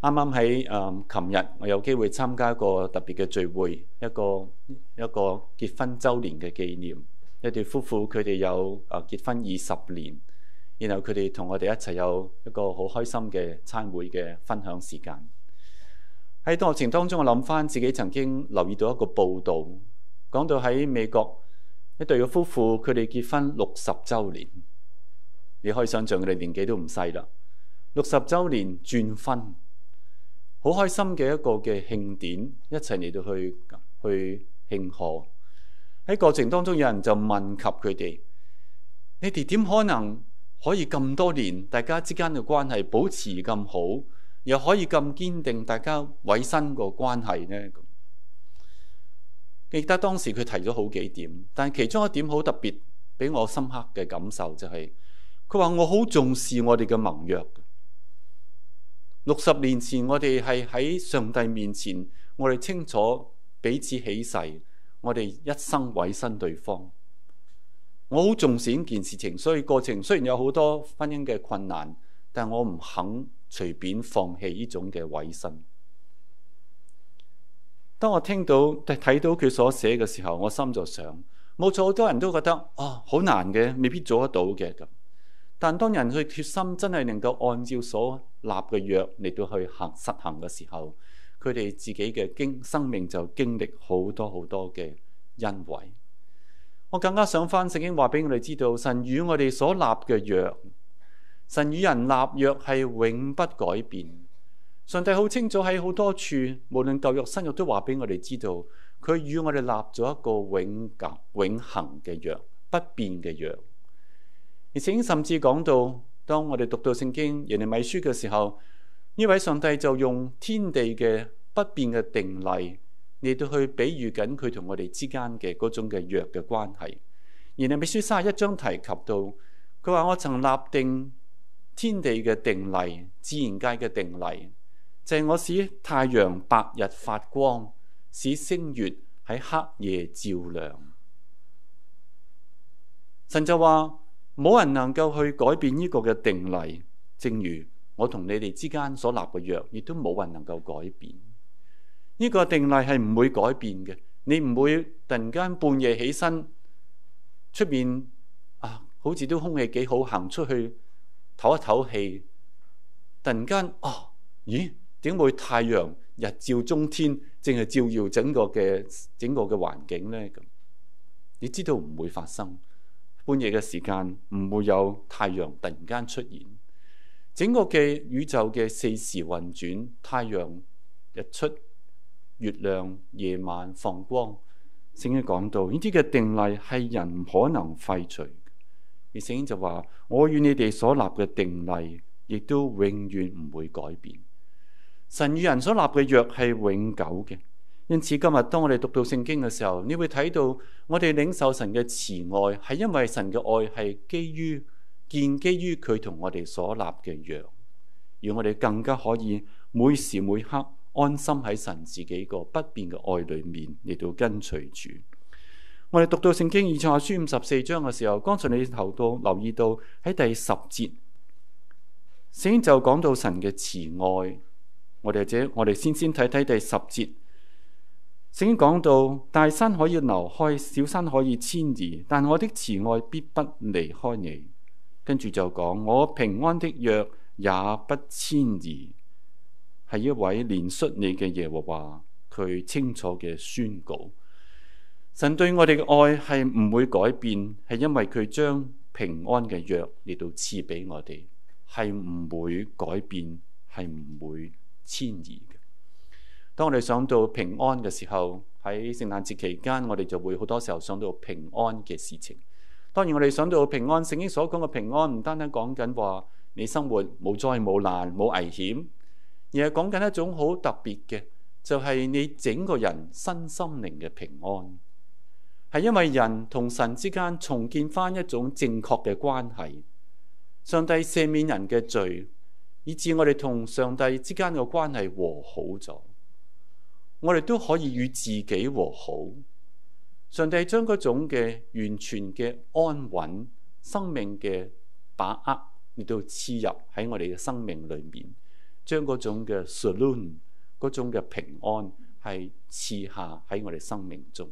啱啱喺誒，琴日、嗯、我有機會參加一個特別嘅聚會，一個一個結婚周年嘅紀念。一對夫婦佢哋有誒、啊、結婚二十年，然後佢哋同我哋一齊有一個好開心嘅餐會嘅分享時間。喺過程當中，我諗翻自己曾經留意到一個報導，講到喺美國一對嘅夫婦佢哋結婚六十周年，你可以想象佢哋年紀都唔細啦。六十周年轉婚，好開心嘅一個嘅慶典，一齊嚟到去去慶賀。喺過程當中，有人就問及佢哋：「你哋點可能可以咁多年，大家之間嘅關係保持咁好，又可以咁堅定大家委身個關係呢？」記得當時佢提咗好幾點，但其中一點好特別，俾我深刻嘅感受就係、是，佢話我好重視我哋嘅盟約。六十年前，我哋係喺上帝面前，我哋清楚彼此起誓，我哋一生委身對方。我好重視呢件事情，所以過程雖然有好多婚姻嘅困難，但我唔肯隨便放棄呢種嘅委身。當我聽到睇到佢所寫嘅時候，我心就想，冇錯，好多人都覺得哦，好難嘅，未必做得到嘅。但當人去決心，真係能夠按照所立嘅約嚟到去行實行嘅時候，佢哋自己嘅經生命就經歷好多好多嘅恩惠。我更加想翻聖經話俾我哋知道，神與我哋所立嘅約，神與人立約係永不改變。上帝好清楚喺好多處，無論舊約新約都話俾我哋知道，佢與我哋立咗一個永久、永恆嘅約，不變嘅約。而甚至講到，當我哋讀到聖經、耶利米書嘅時候，呢位上帝就用天地嘅不變嘅定例嚟到去比喻緊佢同我哋之間嘅嗰種嘅約嘅關係。而耶利米書三十一章提及到，佢話，我曾立定天地嘅定例，自然界嘅定例，就係、是、我使太陽白日發光，使星月喺黑夜照亮。神就話。冇人能夠去改變呢個嘅定例，正如我同你哋之間所立嘅約，亦都冇人能夠改變。呢個定例係唔會改變嘅。你唔會突然間半夜起身出面啊，好似都空氣幾好，行出去唞一唞氣。突然間，哦、啊，咦？點會太陽日照中天，淨係照耀整個嘅整個嘅環境呢？」咁你知道唔會發生。半夜嘅時間唔會有太陽突然間出現，整個嘅宇宙嘅四時運轉，太陽日出，月亮夜晚放光。聖經講到呢啲嘅定例係人唔可能廢除，而聖經就話：我與你哋所立嘅定例，亦都永遠唔會改變。神與人所立嘅約係永久嘅。因此，今日當我哋讀到聖經嘅時候，你會睇到我哋領受神嘅慈愛，係因為神嘅愛係基於建基於佢同我哋所立嘅約，而我哋更加可以每時每刻安心喺神自己個不變嘅愛裏面嚟到跟隨住。我哋讀到聖經以賽亞書五十四章嘅時候，剛才你頭度留意到喺第十節，聖經就講到神嘅慈愛。我哋或者我哋先先睇睇第十節。聖經講到大山可以挪開，小山可以遷移，但我的慈愛必不離開你。跟住就講我平安的約也不遷移，係一位憐恤你嘅耶和華，佢清楚嘅宣告。神對我哋嘅愛係唔會改變，係因為佢將平安嘅約嚟到賜俾我哋，係唔會改變，係唔會遷移嘅。當我哋想到平安嘅時候，喺聖誕節期間，我哋就會好多時候想到平安嘅事情。當然，我哋想到平安，聖經所講嘅平安唔單單講緊話你生活冇災冇難冇危險，而係講緊一種好特別嘅，就係你整個人身心靈嘅平安，係因為人同神之間重建翻一種正確嘅關係。上帝赦免人嘅罪，以至我哋同上帝之間嘅關係和好咗。我哋都可以與自己和好。上帝將嗰種嘅完全嘅安穩、生命嘅把握，亦都賜入喺我哋嘅生命裏面，將嗰種嘅 shalom、嗰種嘅平安，係賜下喺我哋生命中。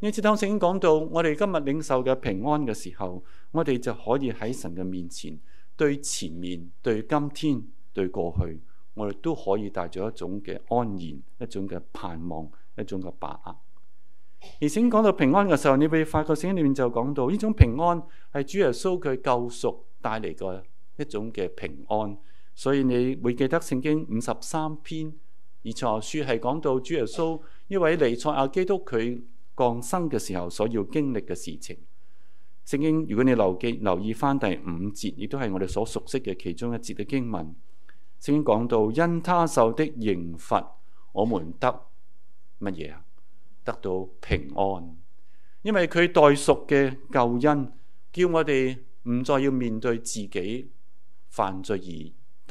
因此當聖經講到我哋今日領受嘅平安嘅時候，我哋就可以喺神嘅面前，對前面對今天對過去，我哋都可以帶住一種嘅安然，一種嘅盼望，一種嘅把握。而聖經講到平安嘅時候，你會發覺聖經裏面就講到呢種平安係主耶穌佢救贖帶嚟嘅一種嘅平安。所以你會記得聖經五十三篇以賽亞書係講到主耶穌呢位彌賽亞基督佢降生嘅時候所要經歷嘅事情。聖經如果你留記留意翻第五節，亦都係我哋所熟悉嘅其中一節嘅經文。聖經講到因他受的刑罰，我們得乜嘢啊？得到平安，因為佢代贖嘅救恩，叫我哋唔再要面對自己犯罪而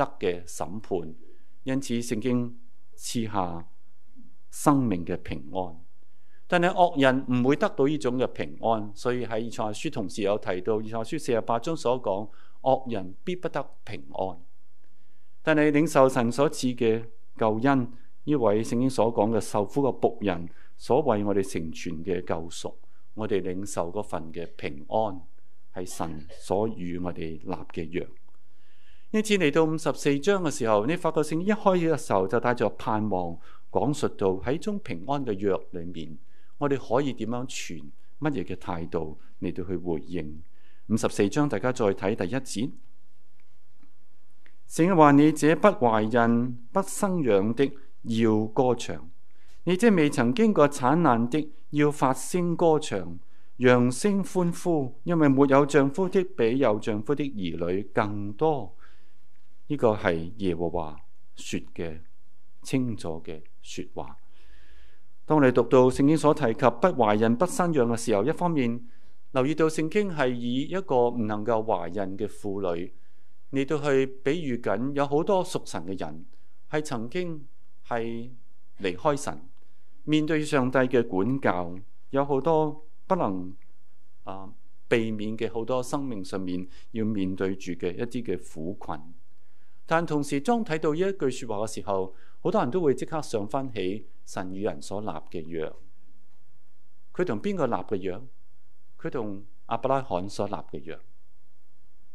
得嘅審判，因此聖經賜下生命嘅平安。但係惡人唔會得到呢種嘅平安，所以喺以賽亞書同時有提到，以賽亞書四十八章所講，惡人必不得平安。但係領受神所賜嘅救恩，呢位聖經所講嘅受苦嘅僕人，所為我哋成全嘅救贖，我哋領受嗰份嘅平安，係神所與我哋立嘅約。呢次嚟到五十四章嘅時候，你發覺聖經一開始嘅時候就帶住盼望，講述到喺種平安嘅約裏面，我哋可以點樣存乜嘢嘅態度嚟到去回應？五十四章，大家再睇第一節。聖經話：你這不懷孕、不生養的，要歌唱；你這未曾經過產難的，要發聲歌唱，揚聲歡呼，因為沒有丈夫的比有丈夫的兒女更多。呢個係耶和華說嘅清楚嘅說話。當你讀到聖經所提及不懷孕、不生養嘅時候，一方面留意到聖經係以一個唔能夠懷孕嘅婦女。你都去比喻緊有好多屬神嘅人係曾經，係離開神，面對上帝嘅管教，有好多不能、啊、避免嘅好多生命上面要面對住嘅一啲嘅苦困。但同時當睇到呢一句說話嘅時候，好多人都會即刻想翻起神與人所立嘅約。佢同邊個立嘅約？佢同亞伯拉罕所立嘅約。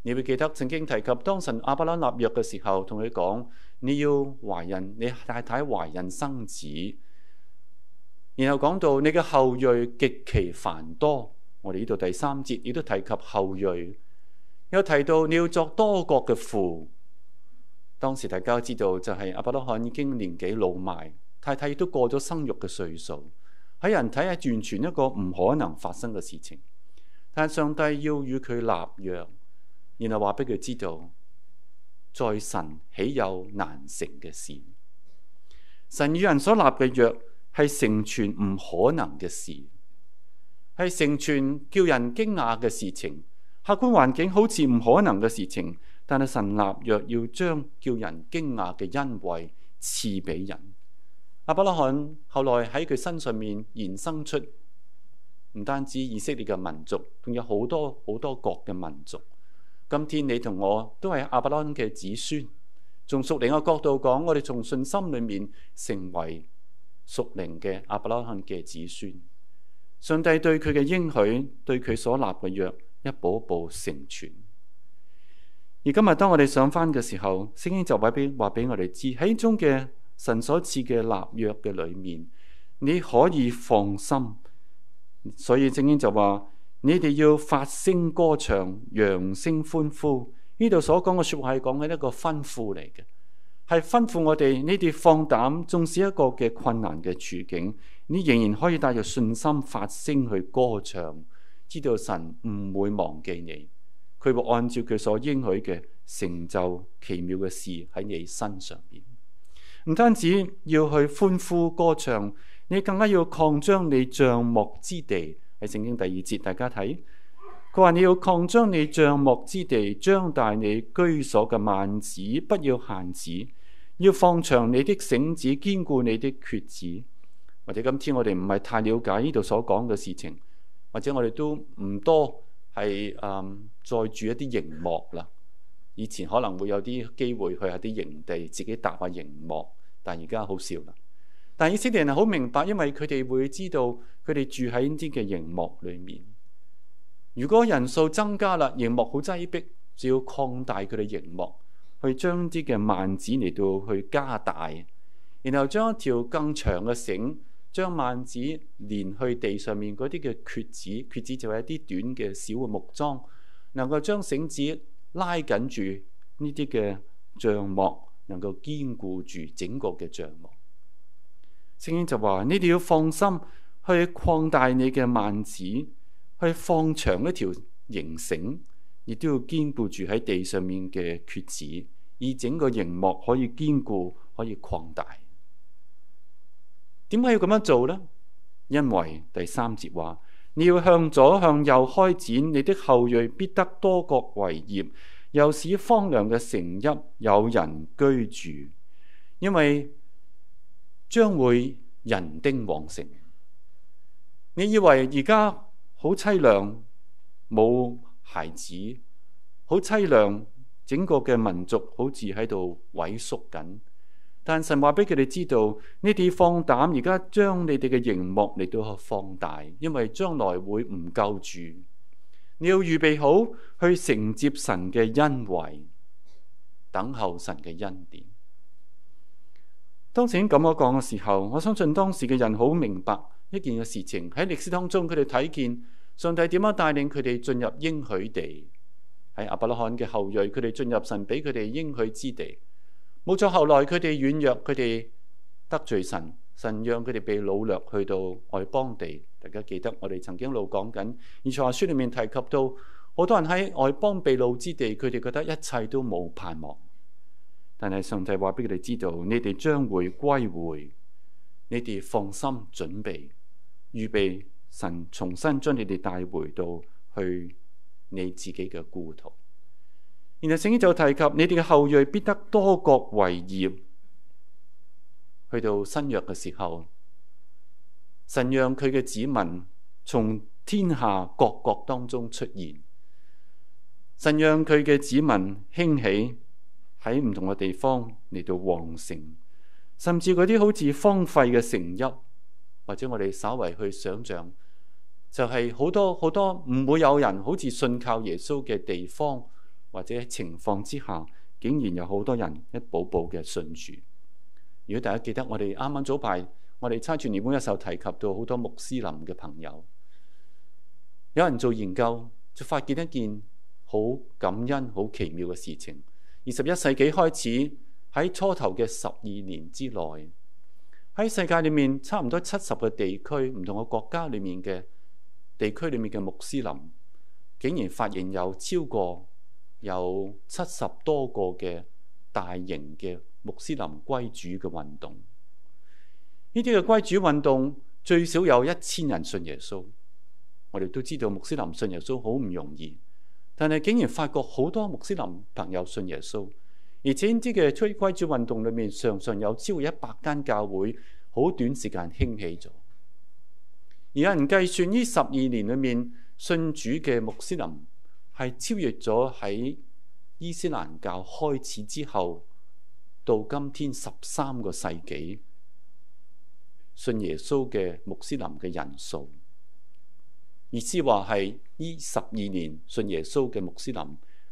你會記得曾經提及，當神阿伯拉罕立約嘅時候，同佢講你要懷孕，你太太懷孕生子，然後講到你嘅後裔極其繁多。我哋呢度第三節亦都提及後裔，又提到你要作多國嘅父。當時大家知道就係阿伯拉罕已經年紀老邁，太太亦都過咗生育嘅歲數，喺人睇係完全一個唔可能發生嘅事情。但上帝要與佢立約。然後話俾佢知道，在神豈有難成嘅事？神與人所立嘅約係成全唔可能嘅事，係成全叫人驚訝嘅事情。客觀環境好似唔可能嘅事情，但係神立約要將叫人驚訝嘅恩惠賜俾人。阿伯拉罕後來喺佢身上面衍生出唔單止以色列嘅民族，仲有好多好多國嘅民族。今天你同我都係亞伯拉罕嘅子孫，從屬靈嘅角度講，我哋從信心裏面成為屬靈嘅亞伯拉罕嘅子孫。上帝對佢嘅應許，對佢所立嘅約，一步一步成全。而今日當我哋上返嘅時候，聖經就話俾話俾我哋知，喺中嘅神所賜嘅立約嘅裏面，你可以放心。所以聖經就話。你哋要發聲歌唱、揚聲歡呼。呢度所講嘅說話係講嘅一個吩咐嚟嘅，係吩咐我哋：你哋放膽，縱使一個嘅困難嘅處境，你仍然可以帶着信心發聲去歌唱，知道神唔會忘記你，佢會按照佢所應許嘅成就奇妙嘅事喺你身上邊。唔單止要去歡呼歌唱，你更加要擴張你帳幕之地。喺聖經第二節，大家睇，佢話你要擴張你帳幕之地，張大你居所嘅幔子，不要限止，要放長你的繩子，堅固你的橛子。或者今天我哋唔係太了解呢度所講嘅事情，或者我哋都唔多係嗯再住一啲營幕啦。以前可能會有啲機會去下啲營地，自己搭下營幕，但而家好少啦。但以色列人好明白，因為佢哋會知道佢哋住喺呢啲嘅營幕裏面。如果人數增加啦，營幕好擠迫，就要擴大佢哋營幕，去將啲嘅幔子嚟到去加大，然後將一條更長嘅繩，將幔子連去地上面嗰啲嘅橛子。橛子就係一啲短嘅小嘅木樁，能夠將繩子拉緊住呢啲嘅帳幕，能夠堅固住整個嘅帳幕。聖經就話：你哋要放心去擴大你嘅萬子，去放長一條形繩，亦都要堅固住喺地上面嘅橛子，以整個營幕可以堅固，可以擴大。點解要咁樣做呢？因為第三節話：你要向左向右開展你的後裔，必得多國為業，又使荒涼嘅城邑有人居住。因為將會人丁旺盛。你以為而家好淒涼，冇孩子，好淒涼，整個嘅民族好似喺度萎縮緊。但神話俾佢哋知道，呢啲放膽而家將你哋嘅熒幕嚟到放大，因為將來會唔夠住，你要預備好去承接神嘅恩惠，等候神嘅恩典。當時咁我講嘅時候，我相信當時嘅人好明白一件嘅事情。喺歷史當中，佢哋睇見上帝點樣帶領佢哋進入應許地，喺亞伯拉罕嘅後裔，佢哋進入神俾佢哋應許之地。冇錯，後來佢哋軟弱，佢哋得罪神，神讓佢哋被擄掠去到外邦地。大家記得我哋曾經老講緊，以賽亞書裡面提及到好多人喺外邦被擄之地，佢哋覺得一切都冇盼望。但係上帝話俾佢哋知道，你哋將會歸回，你哋放心準備，預備神重新將你哋帶回到去你自己嘅故土。然後聖經就提及，你哋嘅後裔必得多國為業。去到新約嘅時候，神讓佢嘅子民從天下各國當中出現，神讓佢嘅子民興起。喺唔同嘅地方嚟到旺城，甚至嗰啲好似荒廢嘅城邑，或者我哋稍為去想象就，就係好多好多唔會有人好似信靠耶穌嘅地方或者情況之下，竟然有好多人一步步嘅信主。如果大家記得我哋啱啱早排，我哋差傳年工一手提及到好多穆斯林嘅朋友，有人做研究就發現一件好感恩、好奇妙嘅事情。二十一世紀開始，喺初頭嘅十二年之內，喺世界裏面差唔多七十個地區，唔同嘅國家裏面嘅地區裏面嘅穆斯林，竟然發現有超過有七十多個嘅大型嘅穆斯林歸主嘅運動。呢啲嘅歸主運動最少有一千人信耶穌。我哋都知道，穆斯林信耶穌好唔容易。但係竟然發覺好多穆斯林朋友信耶穌，而且呢啲嘅追歸主運動裏面，常常有超過一百間教會，好短時間興起咗。而有人計算呢十二年裏面，信主嘅穆斯林係超越咗喺伊斯蘭教開始之後到今天十三個世紀信耶穌嘅穆斯林嘅人數。意思話係呢十二年信耶穌嘅穆斯林，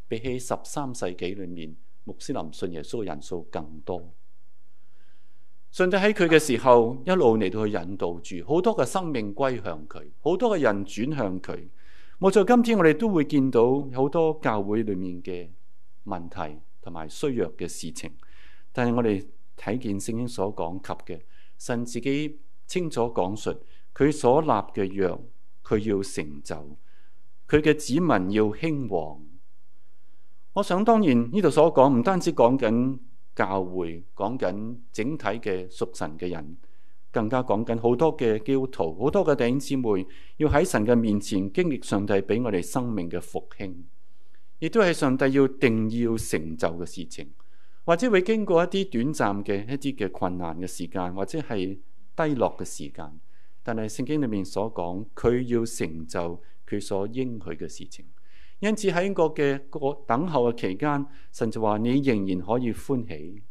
比起十三世紀裏面穆斯林信耶穌嘅人數更多。上帝喺佢嘅時候一路嚟，到去引導住，好多嘅生命歸向佢，好多嘅人轉向佢。冇錯，今天我哋都會見到好多教會裏面嘅問題同埋衰弱嘅事情，但係我哋睇見聖經所講及嘅，神自己清楚講述佢所立嘅約。佢要成就，佢嘅子民要興旺。我想當然，呢度所講唔單止講緊教會，講緊整體嘅屬神嘅人，更加講緊好多嘅基督徒、好多嘅弟兄姊妹，要喺神嘅面前經歷上帝俾我哋生命嘅復興，亦都係上帝要定要成就嘅事情，或者會經過一啲短暫嘅一啲嘅困難嘅時間，或者係低落嘅時間。但係聖經裏面所講，佢要成就佢所應許嘅事情。因此喺個嘅個等候嘅期間，甚至話你仍然可以歡喜，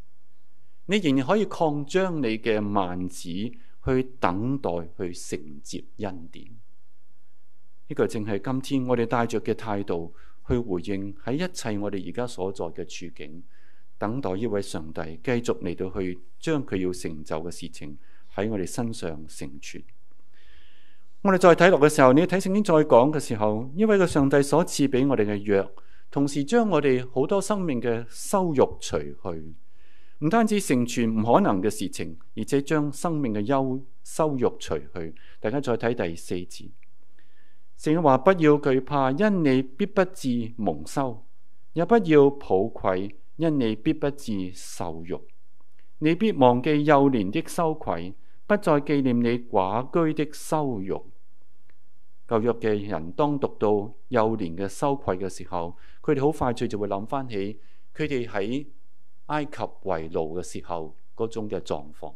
你仍然可以擴張你嘅幔子去等待去承接恩典。呢、這個正係今天我哋帶着嘅態度去回應喺一切我哋而家所在嘅處境，等待一位上帝繼續嚟到去將佢要成就嘅事情喺我哋身上成全。我哋再睇落嘅時候，你睇聖經再講嘅時候，呢位個上帝所賜俾我哋嘅約，同時將我哋好多生命嘅羞辱除去，唔單止成全唔可能嘅事情，而且將生命嘅憂羞辱除去。大家再睇第四節，聖經話：不要懼怕，因你必不至蒙羞；也不要抱愧，因你必不至受辱。你必忘記幼年的羞愧，不再紀念你寡居的羞辱。舊約嘅人，當讀到幼年嘅羞愧嘅時候，佢哋好快脆就會諗翻起佢哋喺埃及為奴嘅時候嗰種嘅狀況。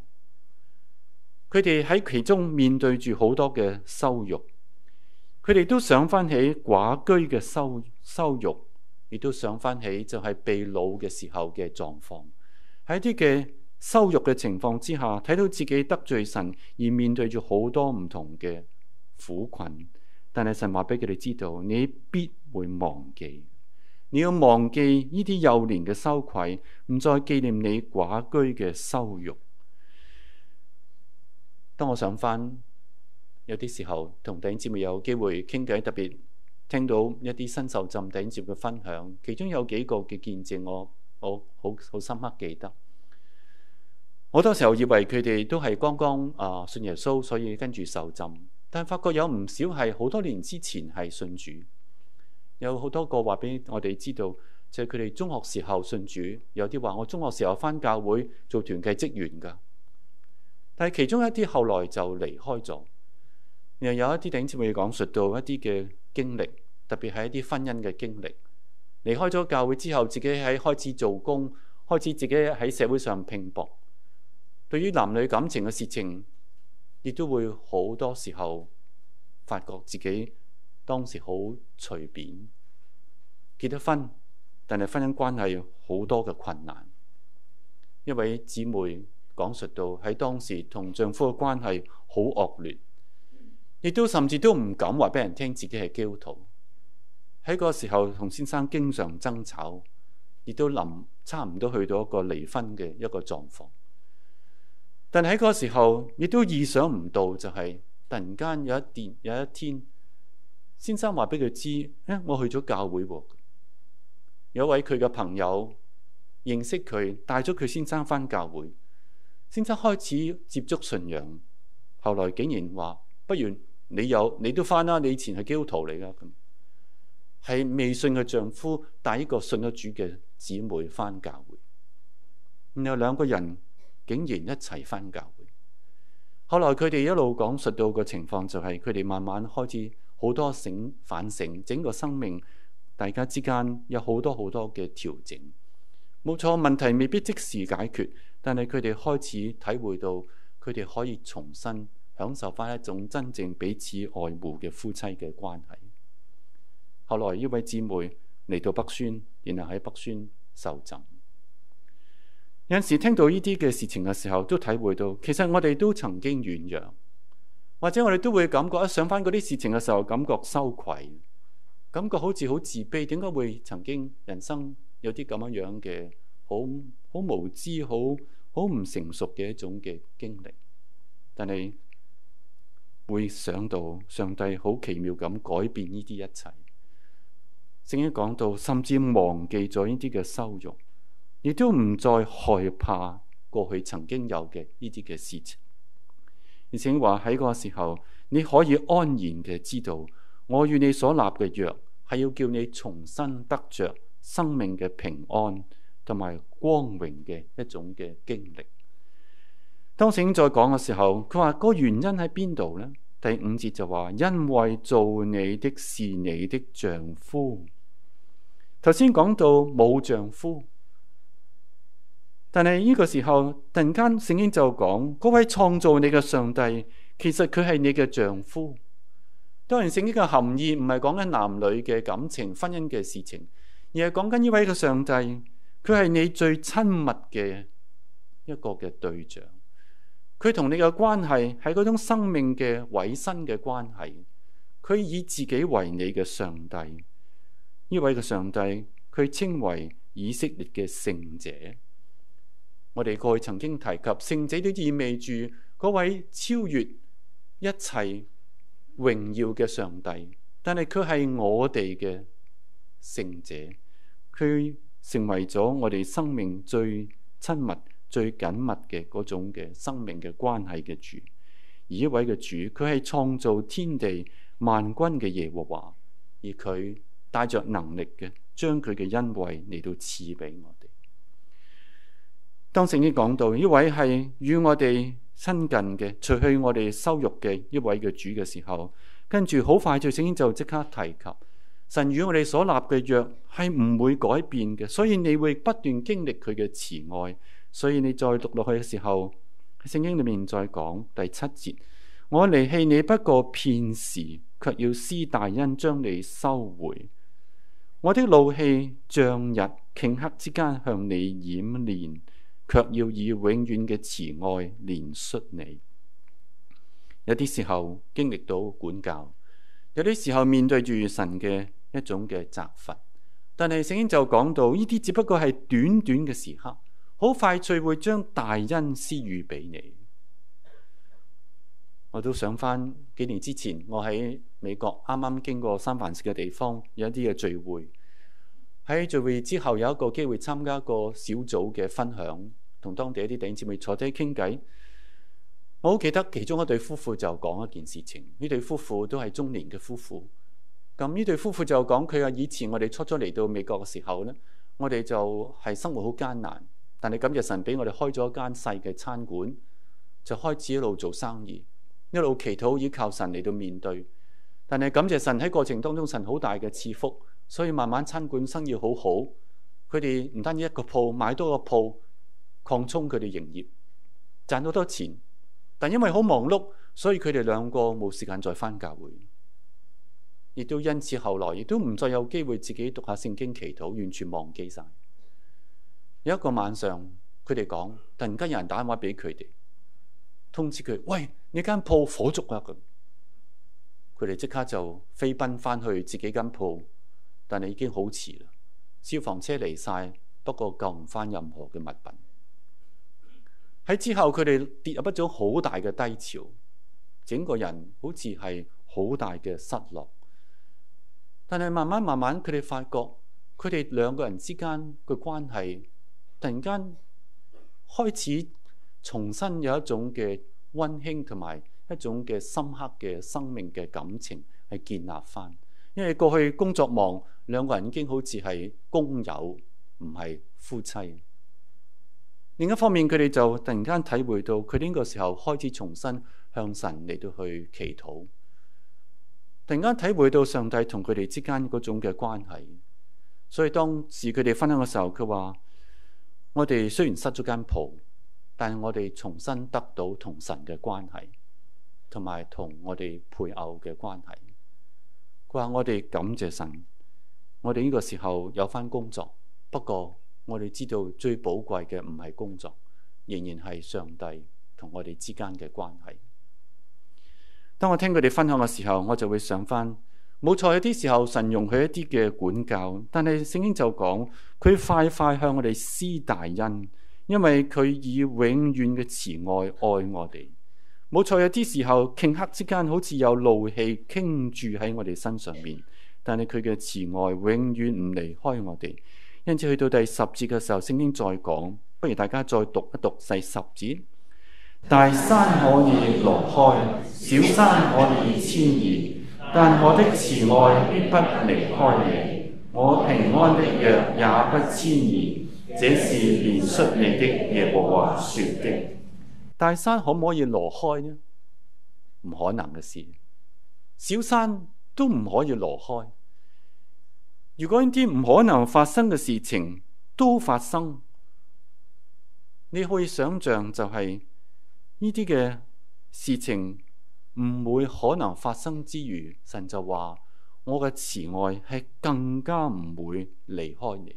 佢哋喺其中面對住好多嘅羞辱，佢哋都想翻起寡居嘅羞羞辱，亦都想翻起就係被擄嘅時候嘅狀況。喺啲嘅羞辱嘅情況之下，睇到自己得罪神而面對住好多唔同嘅苦困。但係神話俾佢哋知道，你必會忘記，你要忘記呢啲幼年嘅羞愧，唔再紀念你寡居嘅羞辱。當我想翻，有啲時候同弟兄姊妹有機會傾偈，特別聽到一啲新受浸弟兄嘅分享，其中有幾個嘅見證我，我我好好深刻記得。我多時候我以為佢哋都係剛剛啊信耶穌，所以跟住受浸。但係，發覺有唔少係好多年之前係信主，有好多個話俾我哋知道，就係佢哋中學時候信主。有啲話我中學時候返教會做團契職員噶，但係其中一啲後來就離開咗。又有一啲頂尖，會講述到一啲嘅經歷，特別係一啲婚姻嘅經歷。離開咗教會之後，自己喺開始做工，開始自己喺社會上拼搏。對於男女感情嘅事情。亦都會好多時候發覺自己當時好隨便，結得婚，但係婚姻關係好多嘅困難。一位姊妹講述到喺當時同丈夫嘅關係好惡劣，亦都甚至都唔敢話俾人聽自己係基督徒。喺個時候同先生經常爭吵，亦都臨差唔多去到一個離婚嘅一個狀況。但喺嗰個時候，亦都意想唔到、就是，就係突然間有一段有一天，先生話俾佢知，誒，我去咗教會喎，有位佢嘅朋友認識佢，帶咗佢先生返教會。先生開始接觸信仰，後來竟然話，不如你有你都返啦，你以前係基督徒嚟㗎，係未信嘅丈夫帶一個信咗主嘅姊妹返教會，然後兩個人，竟然一齊翻教會，後來佢哋一路講述到個情況，就是，就係佢哋慢慢開始好多醒反省，整個生命大家之間有好多好多嘅調整。冇錯，問題未必即時解決，但係佢哋開始體會到佢哋可以重新享受翻一種真正彼此愛護嘅夫妻嘅關係。後來呢位姊妹嚟到北宣，然後喺北宣受浸。有陣時聽到呢啲嘅事情嘅時候，都體會到，其實我哋都曾經軟弱，或者我哋都會感覺一想翻嗰啲事情嘅時候，感覺羞愧，感覺好似好自卑。點解會曾經人生有啲咁樣樣嘅好好無知、好好唔成熟嘅一種嘅經歷？但係會想到上帝好奇妙咁改變呢啲一切，正一講到，甚至忘記咗呢啲嘅羞辱。亦都唔再害怕過去曾經有嘅呢啲嘅事情，而且話喺個時候你可以安然嘅知道，我與你所立嘅約係要叫你重新得着生命嘅平安同埋光榮嘅一種嘅經歷。當時再講嘅時候，佢話個原因喺邊度呢？第五節就話，因為造你的是你的丈夫。頭先講到冇丈夫。但係呢個時候突然間，聖經就講嗰位創造你嘅上帝，其實佢係你嘅丈夫。當然，聖經嘅含義唔係講緊男女嘅感情，婚姻嘅事情，而係講緊呢位嘅上帝，佢係你最親密嘅一個嘅對象。佢同你嘅關係係嗰種生命嘅委身嘅關係。佢以自己為你嘅上帝，呢位嘅上帝佢稱為以色列嘅聖者。我哋過去曾經提及聖者，都意味住嗰位超越一切榮耀嘅上帝，但係佢係我哋嘅聖者，佢成為咗我哋生命最親密、最緊密嘅嗰種嘅生命嘅關係嘅主。而一位嘅主，佢係創造天地萬軍嘅耶和華，而佢帶着能力嘅，將佢嘅恩惠嚟到賜俾我。當聖經講到呢位係與我哋親近嘅，除去我哋羞辱嘅一位嘅主嘅時候，跟住好快就聖經就即刻提及神與我哋所立嘅約係唔會改變嘅，所以你會不斷經歷佢嘅慈愛。所以你再讀落去嘅時候，聖經裏面再講第七節：我離棄你不過片時，卻要施大恩將你收回。我的怒氣漲溢頃刻之間向你掩面。卻要以永遠嘅慈愛憐恤你。有啲時候經歷到管教，有啲時候面對住神嘅一種嘅責罰，但係聖經就講到呢啲只不過係短短嘅時刻，好快脆會將大恩施予俾你。我都想翻幾年之前，我喺美國啱啱經過三藩市嘅地方，有一啲嘅聚會。喺聚會之後有一個機會參加一個小組嘅分享。同當地一啲頂尖姊妹坐低傾偈，我好記得其中一對夫婦就講一件事情。情呢對夫婦都係中年嘅夫婦，咁呢對夫婦就講，佢話以前我哋初初嚟到美國嘅時候呢，我哋就係生活好艱難。但係感謝神俾我哋開咗一間細嘅餐館，就開始一路做生意，一路祈禱依靠神嚟到面對。但係感謝神喺過程當中，神好大嘅賜福，所以慢慢餐館生意好好。佢哋唔單止一個鋪，買多個鋪。擴充，佢哋營業賺好多錢，但因為好忙碌，所以佢哋兩個冇時間再翻教會，亦都因此後來亦都唔再有機會自己讀下聖經、祈禱，完全忘記晒。有一個晚上，佢哋講突然間有人打電話俾佢哋通知佢：喂，你間鋪火燭啊！咁佢哋即刻就飛奔翻去自己間鋪，但係已經好遲啦。消防車嚟晒，不過救唔翻任何嘅物品。喺之後，佢哋跌入一種好大嘅低潮，整個人好似係好大嘅失落。但係慢慢慢慢，佢哋發覺佢哋兩個人之間嘅關係突然間開始重新有一種嘅溫馨同埋一種嘅深刻嘅生命嘅感情係建立返。因為過去工作忙，兩個人已經好似係工友，唔係夫妻。另一方面，佢哋就突然間體會到，佢呢個時候開始重新向神嚟到去祈禱，突然間體會到上帝同佢哋之間嗰種嘅關係。所以當時佢哋分享嘅時候，佢話：我哋雖然失咗間鋪，但係我哋重新得到同神嘅關係，同埋同我哋配偶嘅關係。佢話：我哋感謝神，我哋呢個時候有返工作，不過。我哋知道最寶貴嘅唔係工作，仍然係上帝同我哋之間嘅關係。當我聽佢哋分享嘅時候，我就會想返，冇錯有啲時候神容許一啲嘅管教，但係聖經就講佢快快向我哋施大恩，因為佢以永遠嘅慈愛愛我哋。冇錯有啲時候頃刻之間好似有怒氣傾注喺我哋身上面，但係佢嘅慈愛永遠唔離開我哋。因此去到第十節嘅時候，聖經再講，不如大家再讀一讀第十節。大山可以挪開，小山可以遷移，但我的慈愛必不離開你，我平安的約也不遷移。這是憐恤你的耶和華說的。大山可唔可以挪開呢？唔可能嘅事，小山都唔可以挪開。如果呢啲唔可能發生嘅事情都發生，你可以想象就係呢啲嘅事情唔會可能發生之餘，神就話：我嘅慈愛係更加唔會離開你。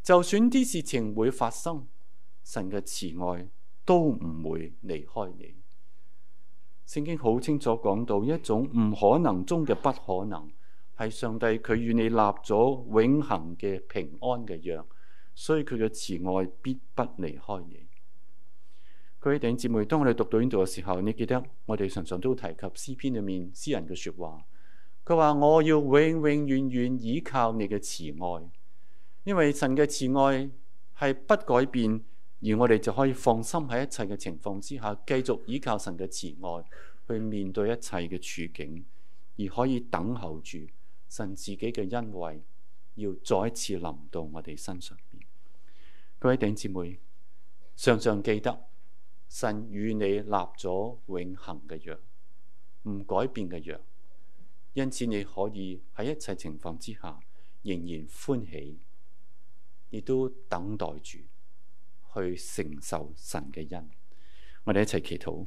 就算啲事情會發生，神嘅慈愛都唔會離開你。聖經好清楚講到一種唔可能中嘅不可能。係上帝佢與你立咗永恒嘅平安嘅約，所以佢嘅慈愛必不離開你。各位弟兄姊妹，當我哋讀到呢度嘅時候，你記得我哋常常都提及詩篇裏面詩人嘅說話。佢話我要永永遠遠遠倚靠你嘅慈愛，因為神嘅慈愛係不改變，而我哋就可以放心喺一切嘅情況之下，繼續依靠神嘅慈愛去面對一切嘅處境，而可以等候住。神自己嘅恩惠要再次臨到我哋身上邊，各位弟兄姊妹，常常記得神與你立咗永恒嘅約，唔改變嘅約，因此你可以喺一切情況之下仍然歡喜，亦都等待住去承受神嘅恩。我哋一齊祈禱。